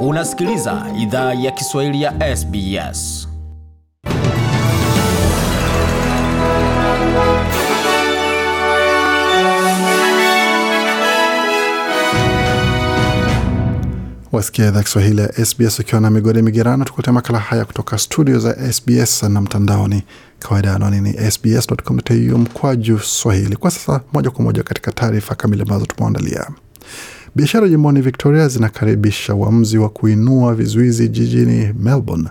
Unasikiliza idhaa ya Kiswahili ya SBS. Wasikia idhaa Kiswahili ya SBS ukiwa na migode migerano, tukuletea makala haya kutoka studio za SBS na mtandaoni. Kawaida anwani ni sbs.com.au mkwaju swahili. Kwa sasa moja kwa moja katika taarifa kamili ambazo tumeandalia. Biashara jimboni Victoria zinakaribisha uamuzi wa kuinua vizuizi jijini Melbourne,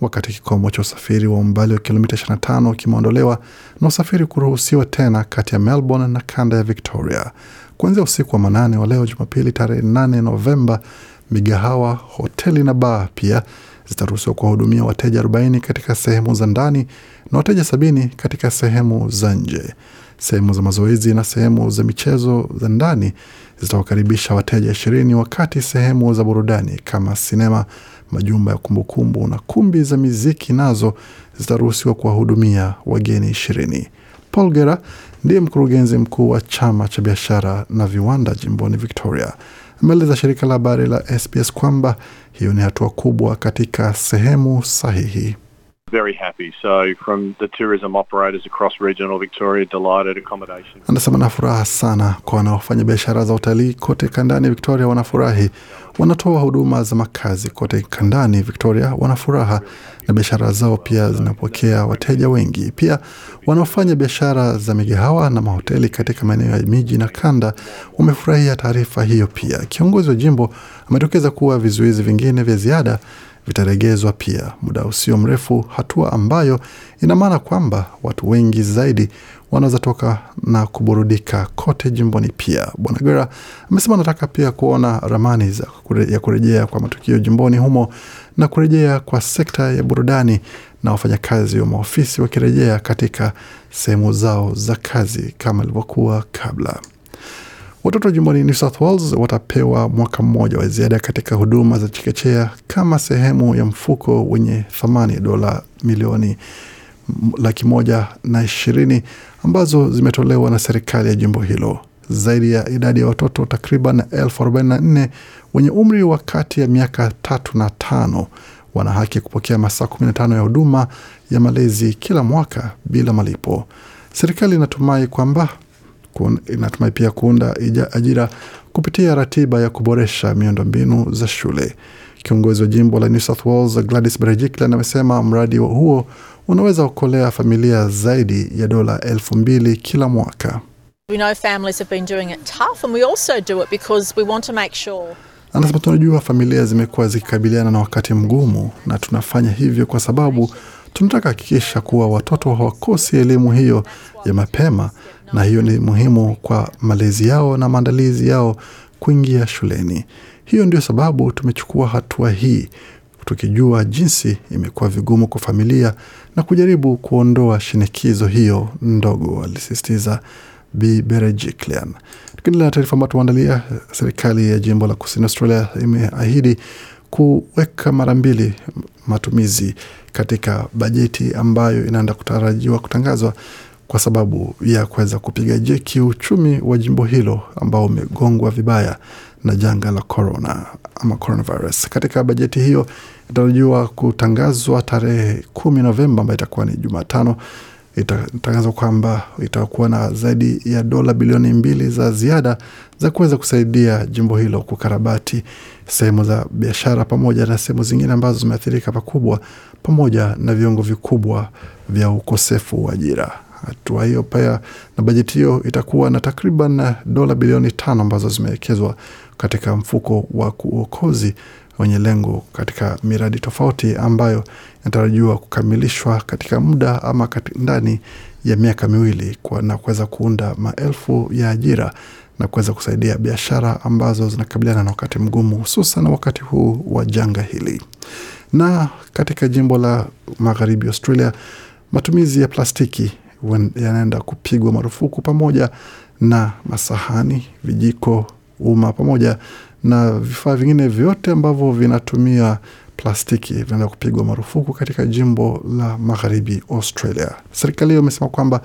wakati kikomo cha usafiri wa umbali wa kilomita 25 kimeondolewa na usafiri kuruhusiwa tena kati ya Melbourne na kanda ya Victoria kuanzia usiku wa manane wa leo Jumapili tarehe 8 Novemba. Migahawa, hoteli na baa pia zitaruhusiwa kuwahudumia wateja 40 katika sehemu za ndani na wateja sabini katika sehemu za nje. Sehemu za mazoezi na sehemu za michezo za ndani zitawakaribisha wateja ishirini wakati sehemu za burudani kama sinema, majumba ya kumbukumbu na kumbi za miziki nazo zitaruhusiwa kuwahudumia wageni ishirini. Paul Gera ndiye mkurugenzi mkuu wa chama cha biashara na viwanda jimboni Victoria. Ameeleza shirika la habari la SBS kwamba hiyo ni hatua kubwa katika sehemu sahihi. Very happy. So from the tourism operators across regional Victoria, delighted accommodation. Anasema na furaha sana kwa wanaofanya biashara za utalii kote kandani Victoria wanafurahi. Wanatoa huduma za makazi kote kandani Victoria wanafuraha na biashara zao pia zinapokea wateja wengi. Pia wanaofanya biashara za migahawa na mahoteli katika maeneo ya miji na kanda wamefurahia taarifa hiyo. Pia kiongozi wa jimbo ametokeza kuwa vizuizi vingine vya ziada vitaregezwa pia muda usio mrefu, hatua ambayo ina maana kwamba watu wengi zaidi wanaweza toka na kuburudika kote jimboni. Pia Bwana gera amesema anataka pia kuona ramani za kure, ya kurejea kwa matukio jimboni humo na kurejea kwa sekta ya burudani na wafanyakazi wa maofisi wakirejea katika sehemu zao za kazi kama ilivyokuwa kabla. Watoto jimboni New South Wales watapewa mwaka mmoja wa ziada katika huduma za chekechea kama sehemu ya mfuko wenye thamani ya dola milioni laki moja na ishirini ambazo zimetolewa na serikali ya jimbo hilo. Zaidi ya idadi ya watoto takriban elfu arobaini na nne wenye umri wa kati ya miaka tatu na tano wana haki ya kupokea masaa 15 ya huduma ya malezi kila mwaka bila malipo. Serikali inatumai kwamba inatumai pia kuunda ajira kupitia ratiba ya kuboresha miundombinu za shule. Kiongozi wa jimbo la New South Wales Gladys Berejiklian amesema mradi huo unaweza kukolea familia zaidi ya dola elfu mbili kila mwaka. Anasema tunajua familia zimekuwa zikikabiliana na wakati mgumu, na tunafanya hivyo kwa sababu tunataka hakikisha kuwa watoto hawakosi elimu hiyo ya mapema na hiyo ni muhimu kwa malezi yao na maandalizi yao kuingia shuleni. Hiyo ndio sababu tumechukua hatua hii, tukijua jinsi imekuwa vigumu kwa familia na kujaribu kuondoa shinikizo hiyo ndogo, alisisitiza Bi Berejiklian. Lakini taarifa ambayo tumeandalia, serikali ya jimbo la kusini Australia imeahidi kuweka mara mbili matumizi katika bajeti ambayo inaenda kutarajiwa kutangazwa kwa sababu ya kuweza kupiga jeki uchumi wa jimbo hilo ambao umegongwa vibaya na janga la corona ama coronavirus. Katika bajeti hiyo itarajiwa kutangazwa tarehe kumi Novemba ambayo itakuwa ni Jumatano. Itatangazwa kwamba itakuwa na zaidi ya dola bilioni mbili za ziada za kuweza kusaidia jimbo hilo kukarabati sehemu za biashara pamoja na sehemu zingine ambazo zimeathirika pakubwa, pamoja na viungo vikubwa vya ukosefu wa ajira. Hatua hiyo pia na bajeti hiyo itakuwa na takriban eh, dola bilioni tano ambazo zimewekezwa katika mfuko wa uokozi wenye lengo katika miradi tofauti ambayo inatarajiwa kukamilishwa katika muda ama ndani ya miaka miwili na kuweza kuunda maelfu ya ajira na kuweza kusaidia biashara ambazo zinakabiliana na wakati mgumu hususan wakati huu wa janga hili. Na katika jimbo la magharibi Australia, matumizi ya plastiki yanaenda kupigwa marufuku pamoja na masahani, vijiko, uma pamoja na vifaa vingine vyote ambavyo vinatumia plastiki vinaenda kupigwa marufuku katika jimbo la magharibi Australia. Serikali hiyo imesema kwamba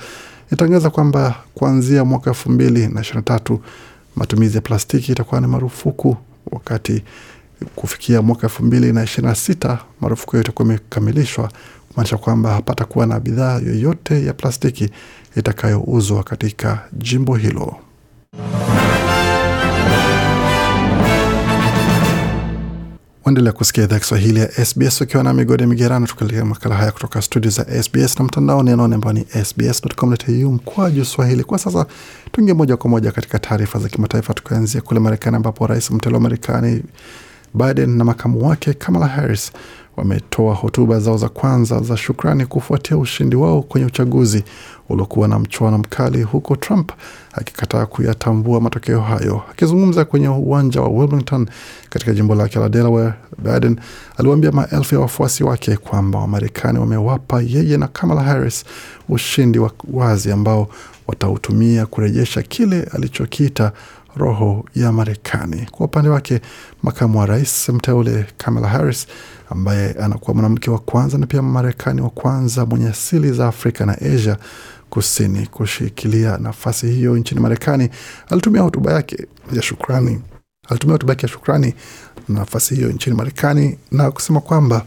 itangaza kwamba kuanzia mwaka elfu mbili na ishirini na tatu matumizi ya plastiki itakuwa ni marufuku, wakati kufikia mwaka elfu mbili na ishirini na sita marufuku hiyo itakuwa imekamilishwa kumaanisha kwamba kuwa na bidhaa yoyote ya plastiki itakayouzwa katika jimbo hilo. Waendelea kusikia idhaa Kiswahili ya SBS ukiwa na migodi migerano, tukiletea makala haya kutoka studio za SBS na mtandaoni anaone ambao ni sbs.com.au mkwaju swahili. Kwa sasa tuingie moja kwa moja katika taarifa za kimataifa, tukianzia kule Marekani ambapo rais mteule wa Marekani Biden na makamu wake Kamala Harris wametoa hotuba zao za kwanza za shukrani kufuatia ushindi wao kwenye uchaguzi uliokuwa na mchuano mkali, huko Trump akikataa kuyatambua matokeo hayo. Akizungumza kwenye uwanja wa Wilmington katika jimbo lake la Delaware, Biden aliwaambia maelfu ya wafuasi wake kwamba Wamarekani wamewapa yeye na Kamala Harris ushindi wa wazi ambao watautumia kurejesha kile alichokiita roho ya Marekani. Kwa upande wake, makamu wa rais mteule Kamala Harris ambaye anakuwa mwanamke wa kwanza na pia Marekani wa kwanza mwenye asili za Afrika na Asia kusini kushikilia nafasi hiyo nchini Marekani alitumia hotuba yake ya shukrani alitumia hotuba yake ya shukrani na nafasi hiyo nchini Marekani na kusema kwamba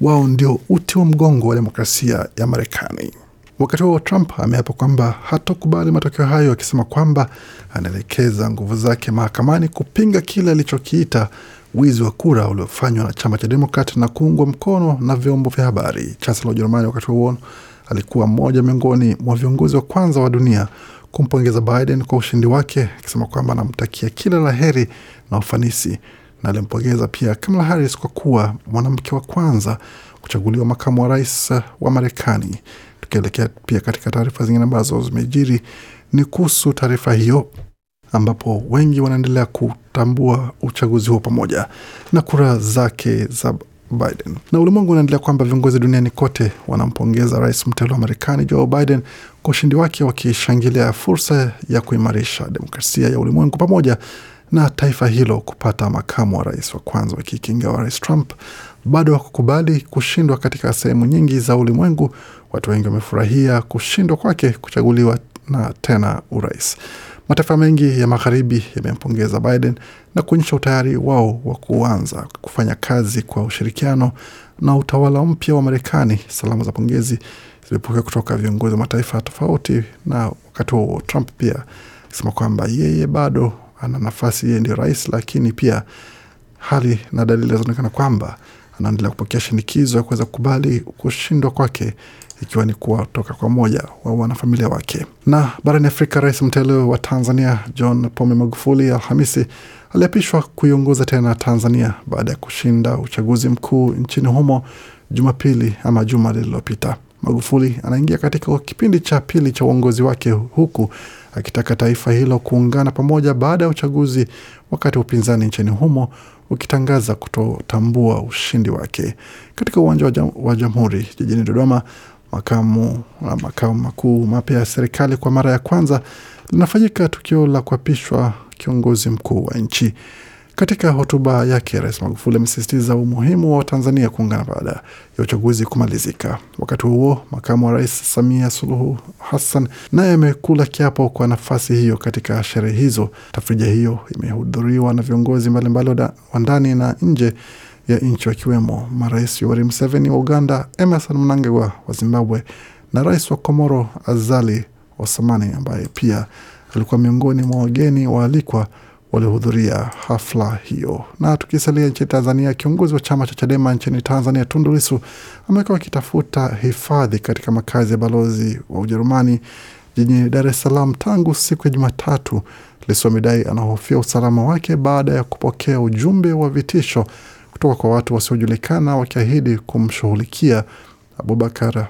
wao ndio uti wa mgongo wa demokrasia ya Marekani. Wakati huo Trump ameapa kwamba hatokubali matokeo hayo, akisema kwamba anaelekeza nguvu zake mahakamani kupinga kile alichokiita wizi wa kura uliofanywa na chama cha Demokrat na kuungwa mkono na vyombo vya habari. Chancellor wa Ujerumani wakati huo alikuwa mmoja miongoni mwa viongozi wa kwanza wa dunia kumpongeza Biden kwa ushindi wake, akisema kwamba anamtakia kila la heri na ufanisi, na alimpongeza pia Kamala Harris kwa kuwa mwanamke wa kwanza kuchaguliwa makamu wa rais wa Marekani. Tukielekea pia katika taarifa zingine ambazo zimejiri ni kuhusu taarifa hiyo, ambapo wengi wanaendelea kutambua uchaguzi huo pamoja na kura zake za Biden. Na ulimwengu unaendelea kwamba viongozi duniani kote wanampongeza rais mteule wa Marekani Joe Biden kwa ushindi wake, wakishangilia fursa ya kuimarisha demokrasia ya ulimwengu pamoja na taifa hilo kupata makamu wa rais wa kwanza, wakikinga wa rais Trump bado hawakukubali kushindwa katika sehemu nyingi za ulimwengu. Watu wengi wamefurahia kushindwa kwake kuchaguliwa na tena urais. Mataifa mengi ya magharibi yamempongeza Biden na kuonyesha utayari wao wa kuanza kufanya kazi kwa ushirikiano na utawala mpya wa Marekani. Salamu za pongezi zilipokea kutoka viongozi wa mataifa tofauti, na wakati huo Trump pia akisema kwamba yeye bado ana nafasi, yeye ndio rais, lakini pia hali na dalili zinaonekana kwamba anaendelea kupokea shinikizo ya kuweza kukubali kushindwa kwake ikiwa ni kuwatoka kwa moja wa wanafamilia wake. Na barani Afrika, rais mteule wa Tanzania John Pombe Magufuli Alhamisi aliapishwa kuiongoza tena Tanzania baada ya kushinda uchaguzi mkuu nchini humo Jumapili ama juma lililopita. Magufuli anaingia katika kipindi cha pili cha uongozi wake huku akitaka taifa hilo kuungana pamoja baada ya uchaguzi, wakati wa upinzani nchini humo ukitangaza kutotambua ushindi wake. Katika uwanja wa Jamhuri jijini Dodoma, makamu na uh, makao makuu mapya ya serikali kwa mara ya kwanza linafanyika tukio la kuapishwa kiongozi mkuu wa nchi. Katika hotuba yake, Rais Magufuli amesisitiza umuhimu wa Tanzania kuungana baada ya uchaguzi kumalizika. Wakati huo, makamu wa rais Samia Suluhu Hassan naye amekula kiapo kwa nafasi hiyo katika sherehe hizo. Tafrija hiyo imehudhuriwa na viongozi mbalimbali wa ndani na nje ya nchi wakiwemo marais Yoweri Museveni wa Uganda, Emerson Mnangagwa wa Zimbabwe na rais wa Komoro Azali Assoumani ambaye pia alikuwa miongoni mwa wageni waalikwa waliohudhuria hafla hiyo. Na tukisalia nchini Tanzania, kiongozi wa chama cha Chadema nchini Tanzania Tundu Lissu amekuwa akitafuta hifadhi katika makazi ya balozi wa Ujerumani jijini Dar es Salaam tangu siku ya Jumatatu. Lissu amedai anahofia usalama wake baada ya kupokea ujumbe wa vitisho kutoka kwa watu wasiojulikana wakiahidi kumshughulikia Abubakar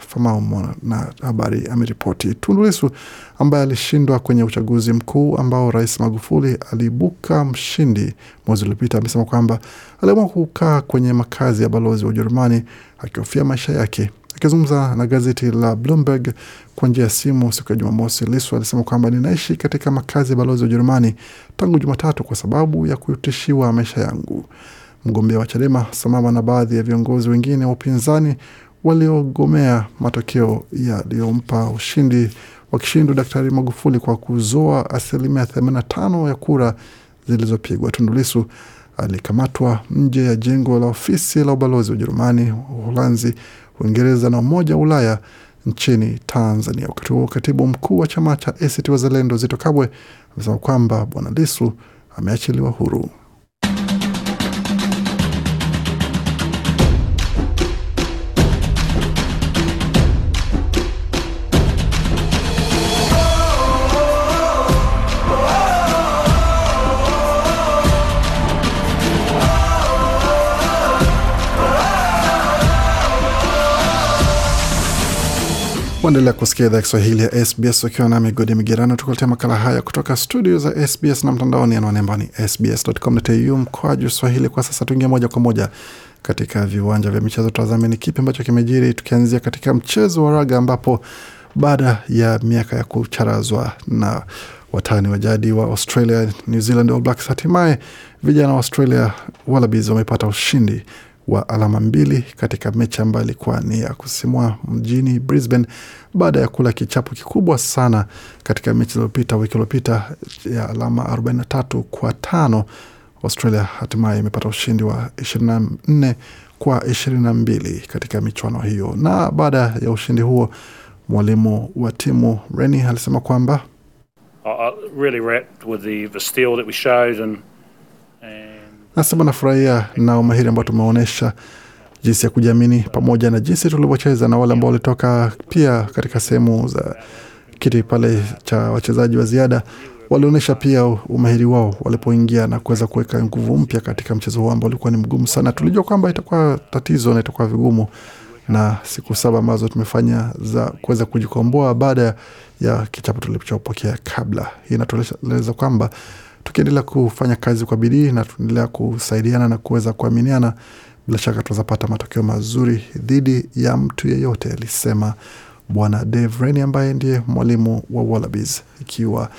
na habari ameripoti. Tundu Lissu ambaye alishindwa kwenye uchaguzi mkuu ambao Rais Magufuli aliibuka mshindi mwezi uliopita, amesema kwamba aliamua kukaa kwenye makazi ya balozi wa Ujerumani akihofia maisha yake. Akizungumza na gazeti la Bloomberg kwa njia ya simu siku ya Jumamosi, Lissu alisema kwamba ninaishi katika makazi ya balozi wa Ujerumani tangu Jumatatu kwa sababu ya kutishiwa maisha yangu. Mgombea wa Chadema sambamba na baadhi ya viongozi wengine wa upinzani waliogomea matokeo yaliyompa ushindi wa kishindo Daktari Magufuli kwa kuzoa asilimia 85 ya kura zilizopigwa. Tundulisu alikamatwa nje ya jengo la ofisi la ubalozi wa Ujerumani, Uholanzi, Uingereza na Umoja wa Ulaya nchini Tanzania. Wakati huo katibu mkuu wa chama cha ACT Wazalendo Zito Kabwe amesema kwamba Bwana Lisu ameachiliwa huru. Waendelea kusikia idhaa Kiswahili ya SBS ukiwa na migodi migerano, tukuletea makala haya kutoka studio za SBS na mtandaoni, anwani ambayo ni sbs.com.au mkoaju swahili. Kwa sasa tuingia moja kwa moja katika viwanja vya michezo, tutazame ni kipi ambacho kimejiri, tukianzia katika mchezo wa raga ambapo baada ya miaka ya kucharazwa na watani wa jadi wa Australia, New Zealand All Blacks, hatimaye vijana wa Australia Wallabies wamepata ushindi wa alama mbili katika mechi ambayo ilikuwa ni ya kusimua mjini Brisbane baada ya kula kichapo kikubwa sana katika mechi iliyopita wiki iliyopita ya alama 43 kwa tano. Australia hatimaye imepata ushindi wa 24 kwa 22 katika michuano hiyo. Na baada ya ushindi huo, mwalimu wa timu Reni alisema kwamba I really Nasema nafurahia na umahiri ambao tumeonyesha jinsi ya kujiamini pamoja na jinsi tulivyocheza na wale ambao walitoka pia katika sehemu za kiti pale cha wachezaji wa ziada walionyesha pia umahiri wao walipoingia na kuweza kuweka nguvu mpya katika mchezo huo ambao ulikuwa ni mgumu sana. Tulijua kwamba itakuwa tatizo na itakuwa vigumu, na siku saba ambazo tumefanya za kuweza kujikomboa baada ya kichapo tulichopokea kabla. Hii inatueleza kwamba tukiendelea kufanya kazi kwa bidii na tuendelea kusaidiana na kuweza kuaminiana, bila shaka tunazapata matokeo mazuri dhidi ya mtu yeyote, alisema Bwana Dave Rennie ambaye ndiye mwalimu wa Wallabies, ikiwa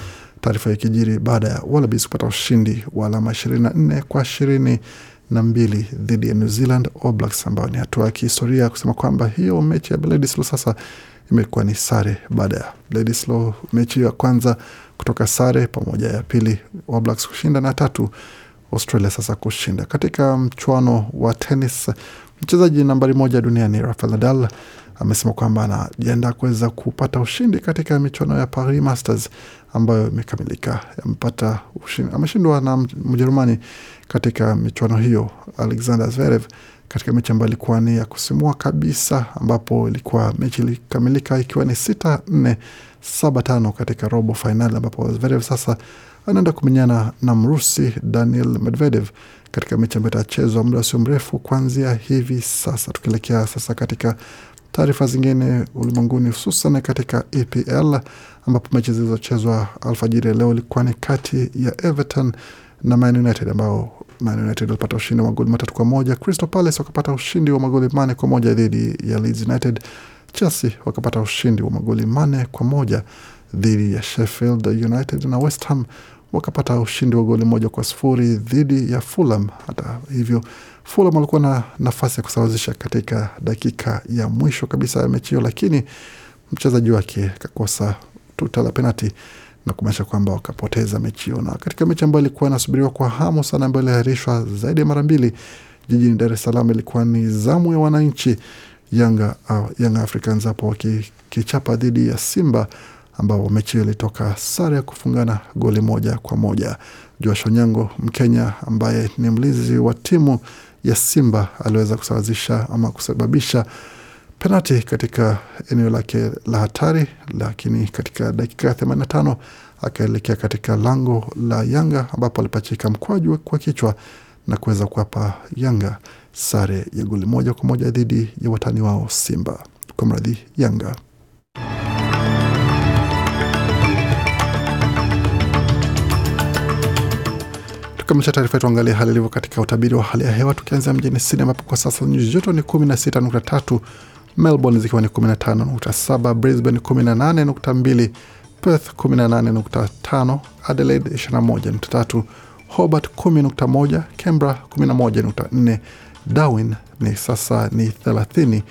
taarifa ya kijiri baada ya Wallabies kupata ushindi wa alama 24 kwa ishirini na mbili dhidi ya New Zealand All Blacks, ambayo ni hatua ya kihistoria kusema kwamba hiyo mechi ya Bledisloe sasa imekuwa ni sare baada ya Bledisloe mechi ya kwanza kutoka sare pamoja, ya pili wa Blacks kushinda na tatu Australia sasa kushinda. Katika mchuano wa tenis, mchezaji nambari moja duniani Rafael Nadal amesema kwamba anajiandaa kuweza kupata ushindi katika michuano ya Paris Masters ambayo imekamilika. Amepata ushindi, ameshindwa na Mjerumani katika michuano hiyo Alexander Zverev katika mechi ambayo ilikuwa ni ya kusimua kabisa, ambapo ilikuwa mechi ilikamilika ikiwa ni sita nne saba tano katika robo fainali ambapo Zverev sasa anaenda kumenyana na Mrusi Daniel Medvedev katika mechi ambayo itachezwa muda sio mrefu kuanzia hivi sasa. Tukielekea sasa katika taarifa zingine ulimwenguni, hususan katika EPL ambapo mechi zilizochezwa alfajiri leo ilikuwa ni kati ya Everton na Man United ambao Man United walipata ushindi wa magoli matatu kwa moja. Crystal Palace wakapata ushindi wa magoli manne kwa moja dhidi ya Leeds United Chelsea wakapata ushindi wa magoli manne kwa moja dhidi ya Sheffield United na West Ham wakapata ushindi wa goli moja kwa sufuri dhidi ya Fulham. Hata hivyo, Fulham walikuwa na nafasi ya kusawazisha katika dakika ya mwisho kabisa ya mechi hiyo, lakini mchezaji wake akakosa tuta la penati na kumaanisha kwamba wakapoteza mechi hiyo. Na katika mechi ambayo ilikuwa inasubiriwa kwa hamu sana, ambayo iliahirishwa zaidi ya mara mbili jijini Dar es Salaam, ilikuwa ni zamu ya wananchi Yanga, uh, Young Africans hapo wakichapa dhidi ya Simba ambao mechi ilitoka sare ya kufungana goli moja kwa moja. Joash Onyango Mkenya ambaye ni mlinzi wa timu ya Simba aliweza kusawazisha ama kusababisha penati katika eneo lake la hatari, lakini katika dakika ya tano akaelekea katika lango la Yanga ambapo alipachika mkwaju kwa kichwa na kuweza kuwapa Yanga sare ya goli moja kwa moja dhidi ya watani wao Simba kwa mradhi Yanga. Tukamilisha taarifa yetu, angalia hali ilivyo katika utabiri wa hali ya hewa, tukianzia mjini Sydney ambapo kwa sasa nyuzi joto ni 16.3, Melbourne zikiwa ni 15.7, Brisbane 18.2, Perth 18.5, Adelaide 21.3 Hobart 10.1, Canberra 11.4, Darwin ni sasa ni 30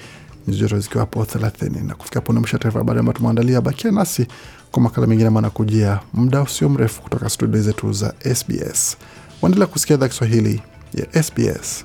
nyuzijoto zikiwa hapo 30. Na kufikia hapo naomsha taarifa habari ambayo tumeandalia. Bakia nasi kwa makala mengine kujia muda usio mrefu kutoka studio zetu za SBS. Waendelea kusikia idhaa Kiswahili ya SBS.